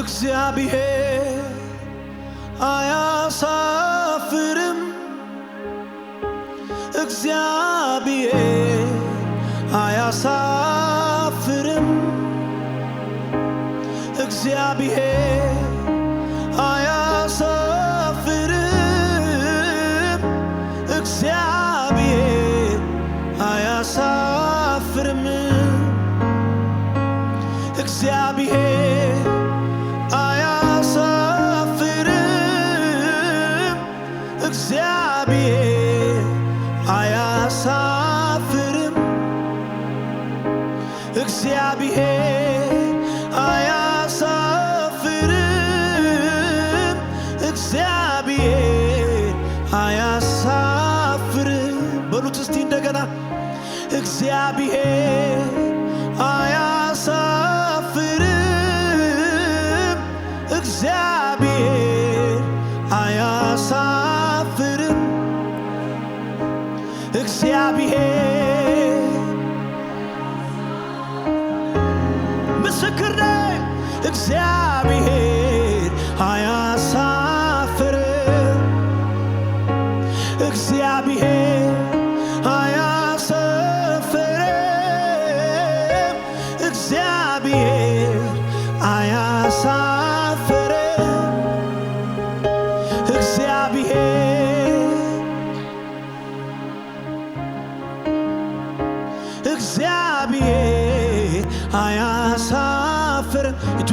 እግዚአብሔር አያሳፍርም። እግዚአብሔር አያሳፍርም። እግዚአብሔር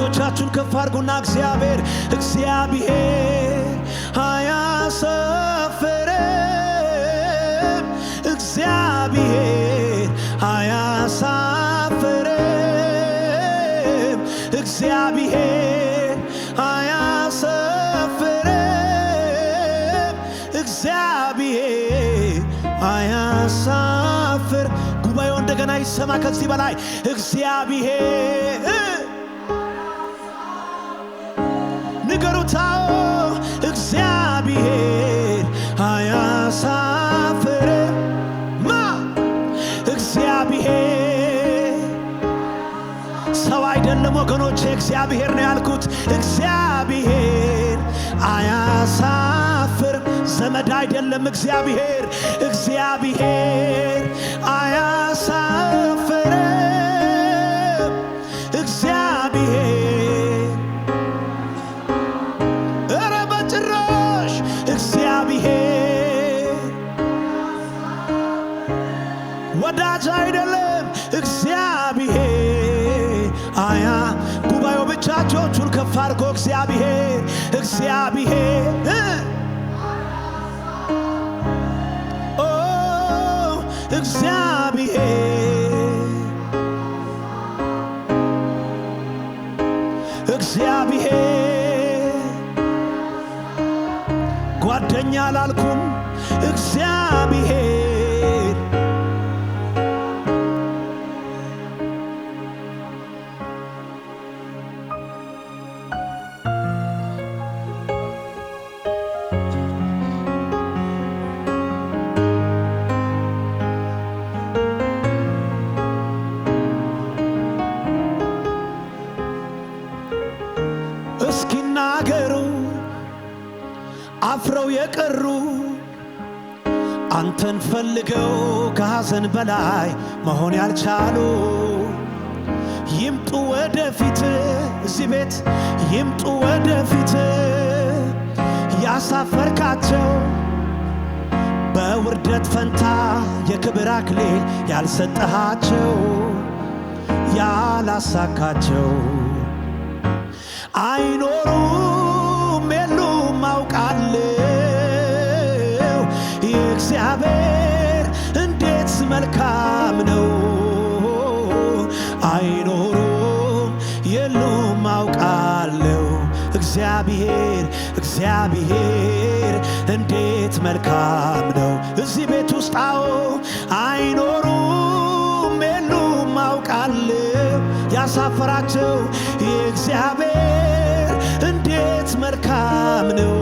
እጆቻችሁን ከፍ አድርጉና እግዚአብሔር እግዚአብሔር አያሳፍርም፣ እግዚአብሔር አያሳፍርም፣ እግዚአብሔር አያሳፍርም፣ እግዚአብሔር አያሳፍር። ጉባኤው እንደገና ይሰማ ከዚህ በላይ እግዚአብሔር እግዚአብሔር አያሳፍርም። ማ እግዚአብሔር ሰው አይደለም ወገኖች፣ እግዚአብሔር ነው ያልኩት። እግዚአብሔር አያሳፍርም። ዘመድ አይደለም እግዚአብሔር እግዚአብሔር አያሳ እግዚአብሔር እግዚአብሔር እግዚአብሔር እግዚአብሔር ጓደኛ አላልኩም እግዚአብሔር ከአንተን በላይ መሆን ያልቻሉ ይምጡ ወደፊት፣ እዚህ ቤት ይምጡ ወደፊት። ያሳፈርካቸው በውርደት ፈንታ የክብር አክሊል ያልሰጠሃቸው ያላሳካቸው አይኖሩ እግዚአብሔር እግዚአብሔር እንዴት መልካም ነው። እዚህ ቤት ውስጥ አዎ አይኖሩም የሉም አውቃል ያሳፈራቸው የእግዚአብሔር እንዴት መልካም ነው።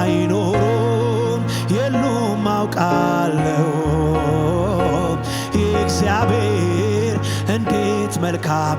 አይኖሩም የሉም አውቃለሁ የእግዚአብሔር እንዴት መልካም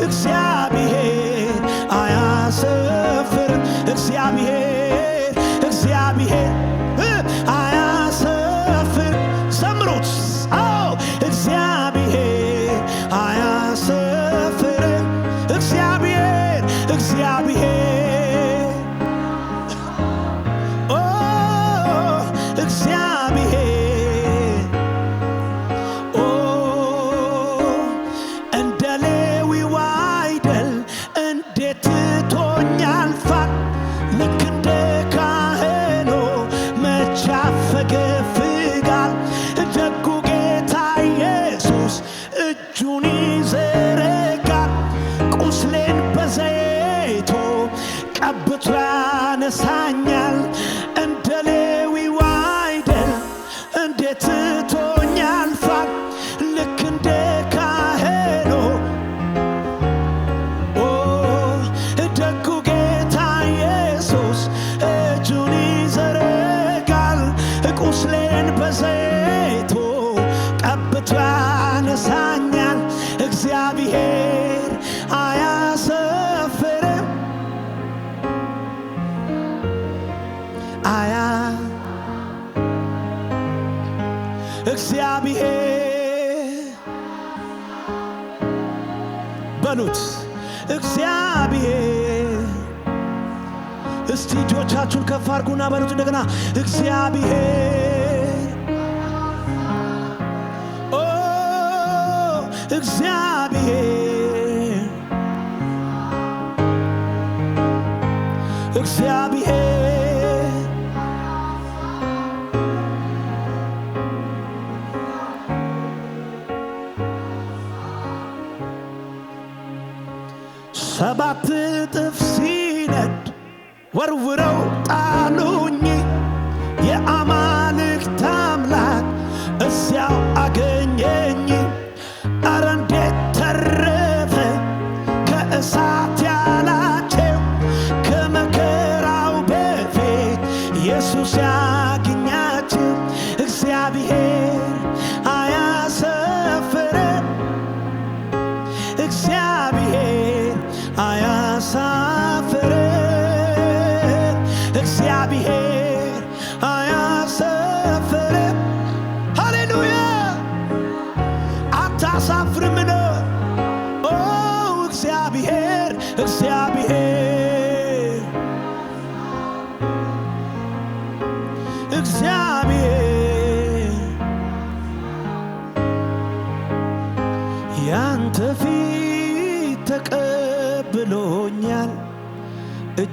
It's yeah. ያነሳኛል እጆቻችሁን ከፍ አድርጉና በሉት እንደገና እግዚአብሔር ኦ እግዚአብሔር እግዚአብሔር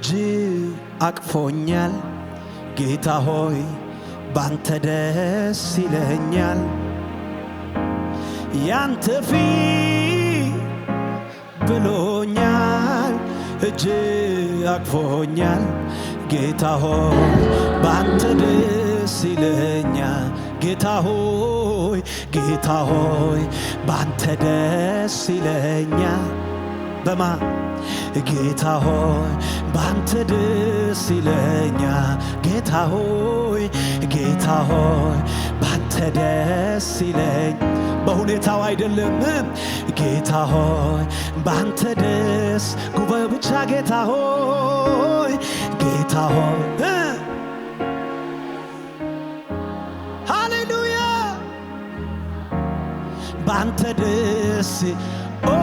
እጅ አቅፎኛል። ጌታ ሆይ ባንተ ደስ ይለኛል። ያንተ ፊ ብሎኛል። እጅ አቅፎኛል። ጌታ ሆይ ባንተ ደስ ይለኛል። ጌታ ሆይ ጌታ ሆይ ባንተ ደስ ይለኛል። በማ ጌታ ሆይ ባንተ ደስ ይለኛ ጌታ ሆይ ጌታ ሆይ ባንተ ደስ ይለኝ በሁኔታው አይደለም ጌታ ሆይ ባንተ ደስ ጉባኤው ብቻ ጌታ ሆይ ጌታ ሆይ ሃሌሉያ ባንተ ደስ ኦ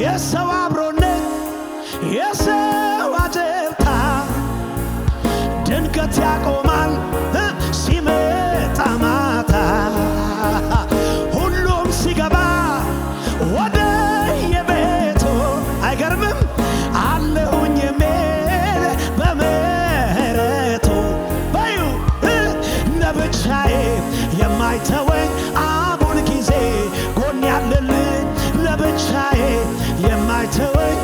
የሰው አብሮ የሰው አጀብታ ድንገት ያቆማል ሲመጣ ማታ ሁሉም ሲገባ ወደ የቤቱ አይገርምም አለሁኝ የሚል በመረቱ በዩ ለብቻዬ የማይተወኝ አሁን ጊዜ ጎን ያለልኝ ለብቻዬ የማይተወኝ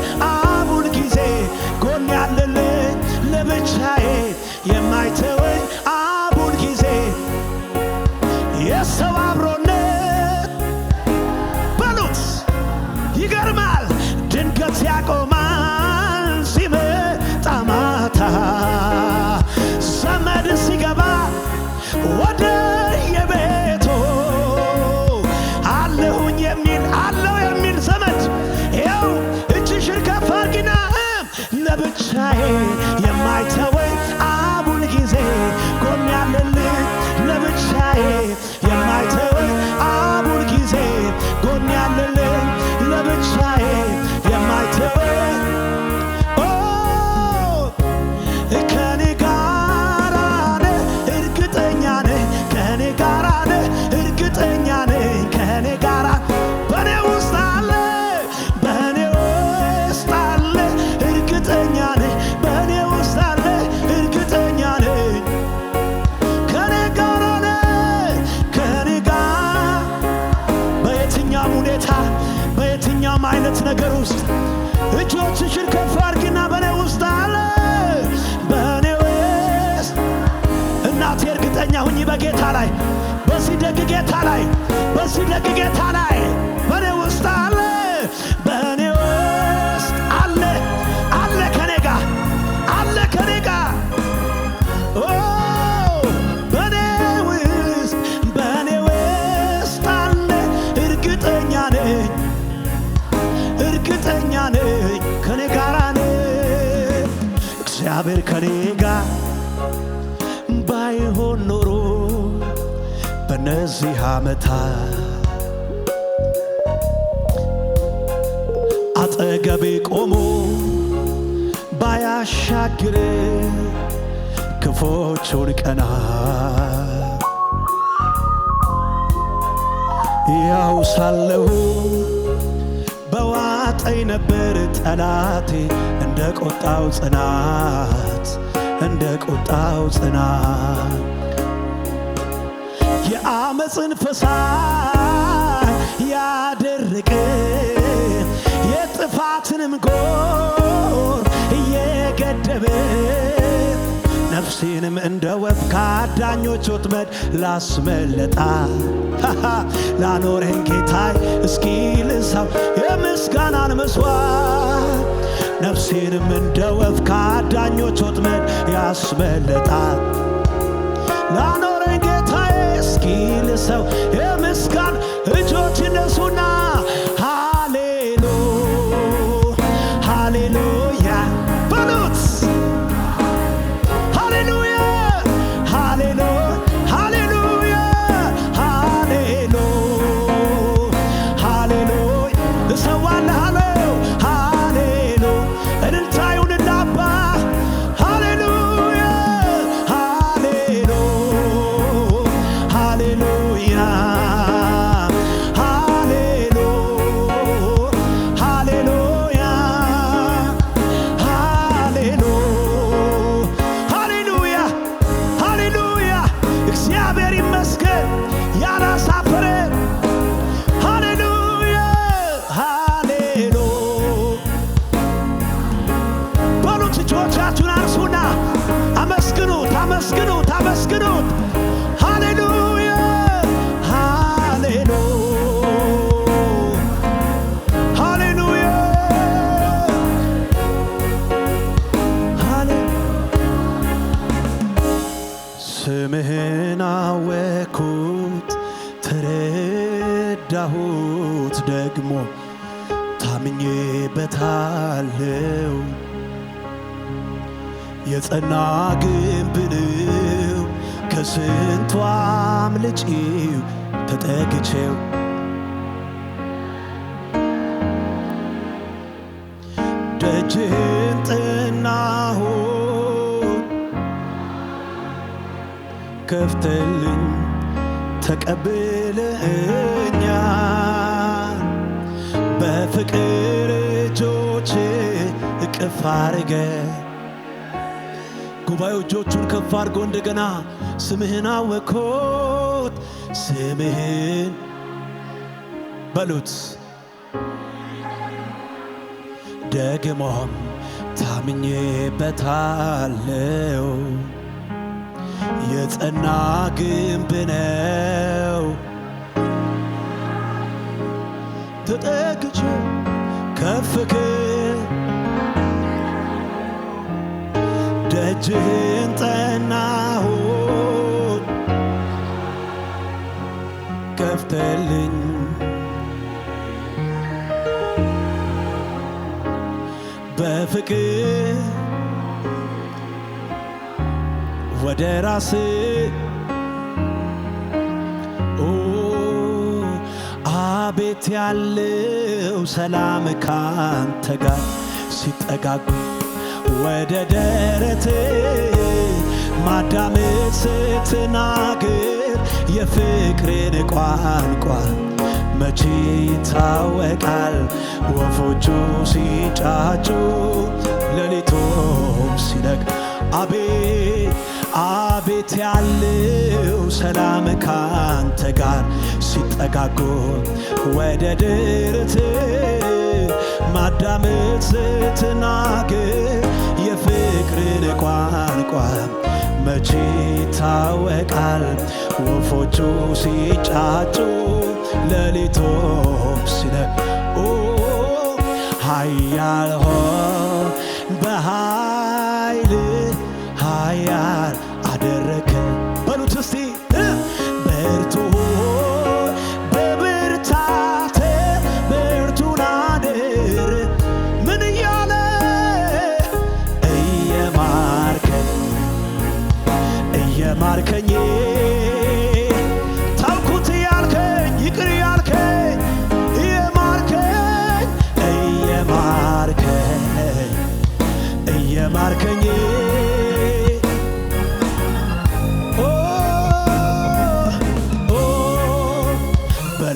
You might ነገር ውስጥ እጆችሽን ከፍ አድርጊና በእኔ ውስጥ አለ በእኔ ውስጥ እናቴ እርግጠኛ ሁኚ በጌታ ላይ በዚህ ደግ ጌታ ላይ በዚህ ደግ ጌታ ላይ በእኔ ውስጥ አለ እነዚህ ዓመታት አጠገቤ ቆሞ ባያሻግር ክፎቹን ቀና ያው ሳለሁ በዋጠኝ ነበር ጠላቴ እንደ ቁጣው ጽናት እንደ ቁጣው ጽናት የአመፅን ፈሳሽ ያደረቀ የጥፋትንም ጎር እየገደበ ነፍሴንም እንደ ወፍ ከአዳኞች ወጥመድ ላስመለጣ ላኖረን ጌታይ እስኪ ልሳብ የምስጋናን መስዋዕት ነፍሴንም እንደ ወፍ ከአዳኞች ወጥመድ ያስመለጣ ሰው የምስጋን እጆች ይነሱና ስንጥናሁ ከፍተልኝ ተቀብለኛል በፍቅር እጆች እቅፍ አርገ ጉባኤው እጆቹን ከፍ አርጎ እንደገና ስምህን አወኮት ስምህን በሉት ደግሞም አምኜበታለው የጸና ግንብ ነው። ተጠግቼ ከፍ ደጅህን ጠናሁን ከፍተልኝ ፍቅር ወደ ራስ አቤት ያለው ሰላም ካንተ ጋር ሲጠጋጉ ወደ ደረት ማዳመጥ ስትናገር የፍቅርን ቋንቋ መቼ ይታወቃል ወፎቹ ሲጫጩ ሌሊቱም ሲነግ አቤት አቤት ያለው ሰላም ካንተ ጋር ሲጠጋጉ ወደ ድርት ማዳመት ስትናገር የፍቅርን ቋንቋ መቼ ይታወቃል ወፎቹ ሲጫጩ ለሊቶች ስለ ሀያል በሃ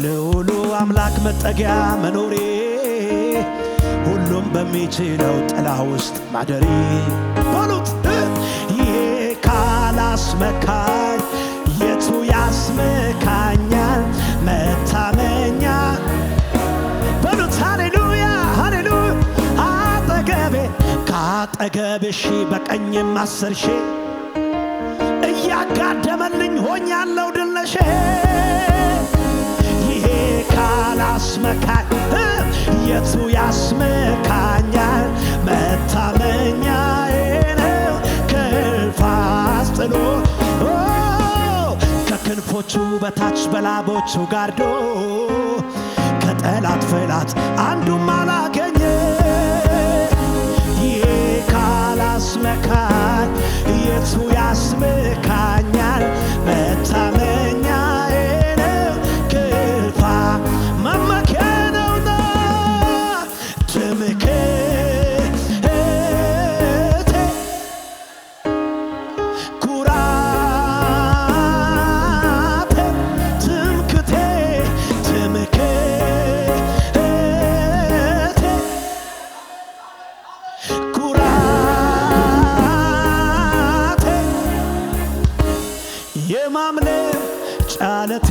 ልዑሉ አምላክ መጠጊያ መኖሬ ሁሉም በሚችለው ጥላ ውስጥ ማደሪ በሉት ይሄ ካላስመካኝ የቱ ያስመካኛል? መታመኛ በሉት ሃሌሉያ ሃሌሉያ አጠገቤ ከአጠገብ ሺህ በቀኝም አስር ሺህ እያጋደመልኝ ሆኛለው ድለሼ ያስመካኝ የቱ ያስመካኛል መታመኛዬ ነው ክንፋስ ጥሎ ከክንፎቹ በታች በላቦቹ ጋርዶ ከጠላት ፍላት አንዱም አላገኘ ይህ ካላስመካኝ የቱ ያስመካኛል መታመኛ ጠለቴ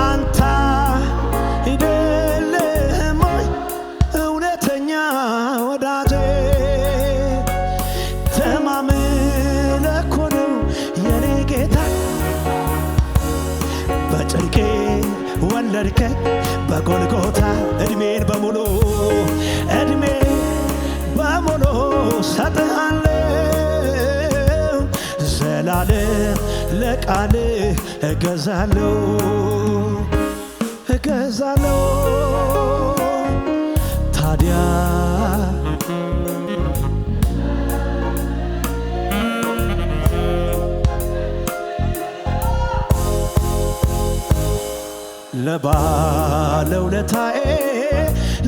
አንታ አይደለህም እውነተኛ ወዳጄ ተማምነህ እኮ ነው የኔ ጌታ በጭንቄ ወለድከኝ በጎልጎታ እድሜን በሙሉ እድሜ በሙሉ ሰጠሃ ለቃል ለቃል እገዛለሁ እገዛለሁ። ታዲያ ለባለውለታዬ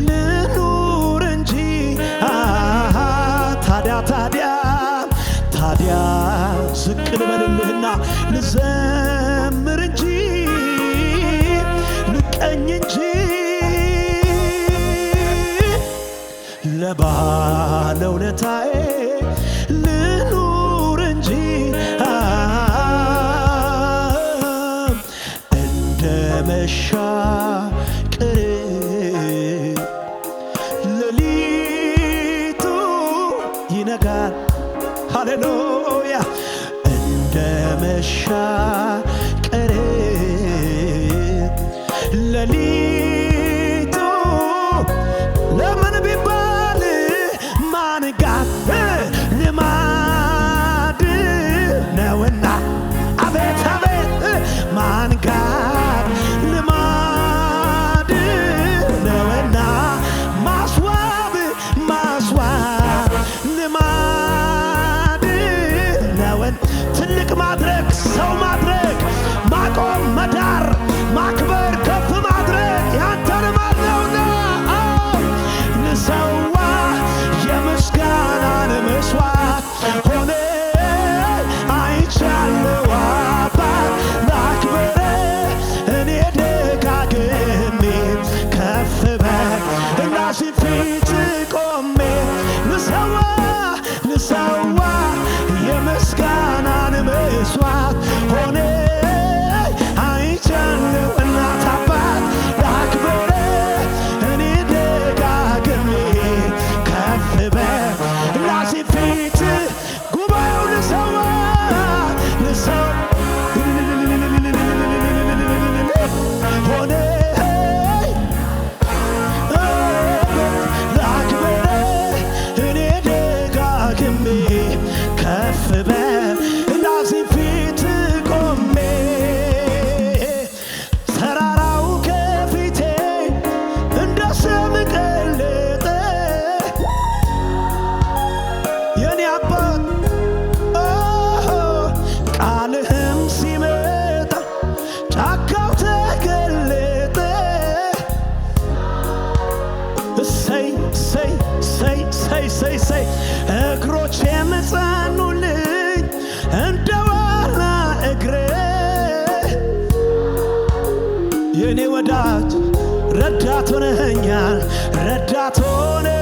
ልኑር እንጂ ታዲያ ታዲያ ታዲያ ለውለታዬ ሰይ እግሮች የመጸኑልኝ እንደ ዋና እግሬ የእኔ ወዳጅ ረዳት ሆነኸኛል ረዳት ሆነ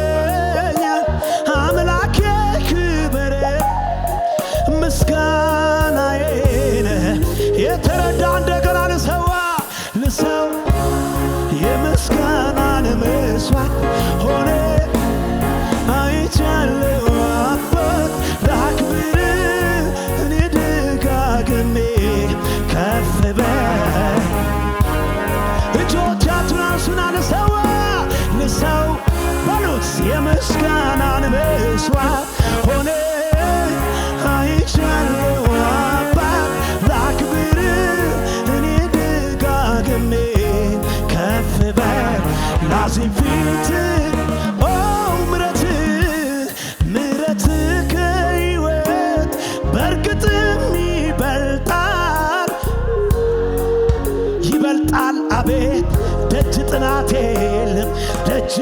ምስጋናን መስዋዕት ሆነ አይቻለው አባት ላክብር እኔ ደጋግሜ ከፍ በል ላዚም ፊት ምረት ይበልጣል አቤት ደጅ ጥናት የለም ደጅ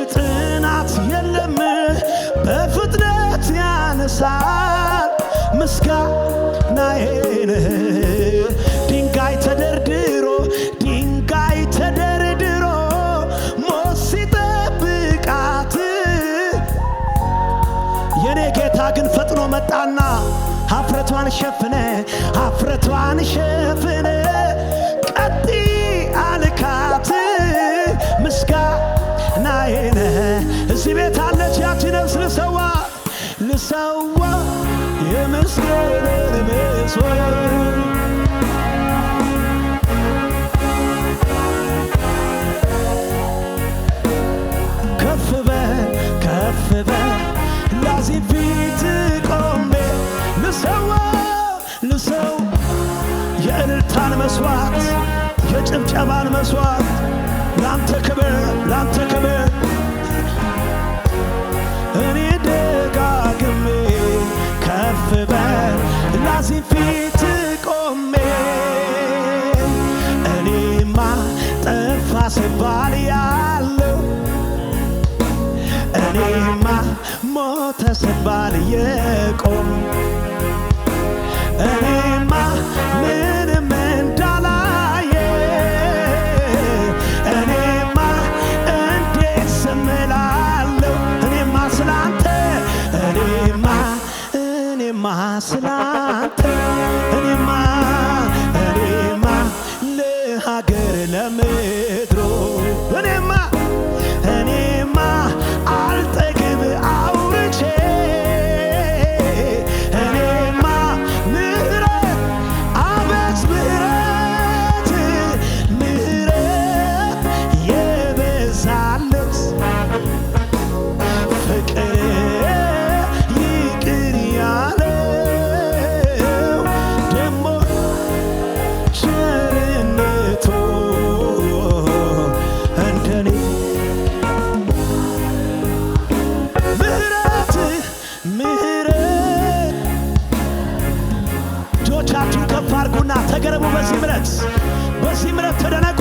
ሆኖ መጣና አፍረቷን ሸፍነ አፍረቷን ሸፍነ ቀጢ አልካት ምስጋናዬን እዚህ ቤት አለች ያቺ ነፍስ ልሰዋ ልሰዋ የምስጋናዬን መስዋዕት ከፍ በል ላዚህ ፊት መስዋዕት፣ የጭብጨባን መስዋዕት ላንተ ክብር፣ ላንተ ክብር እኔ ደጋግሜ ከፍ በል ላዚም ፊት ቆሜ እኔማ ጠፋ ስባል ያለው እኔማ ሞተ ስባል የቆም ተደነቁ።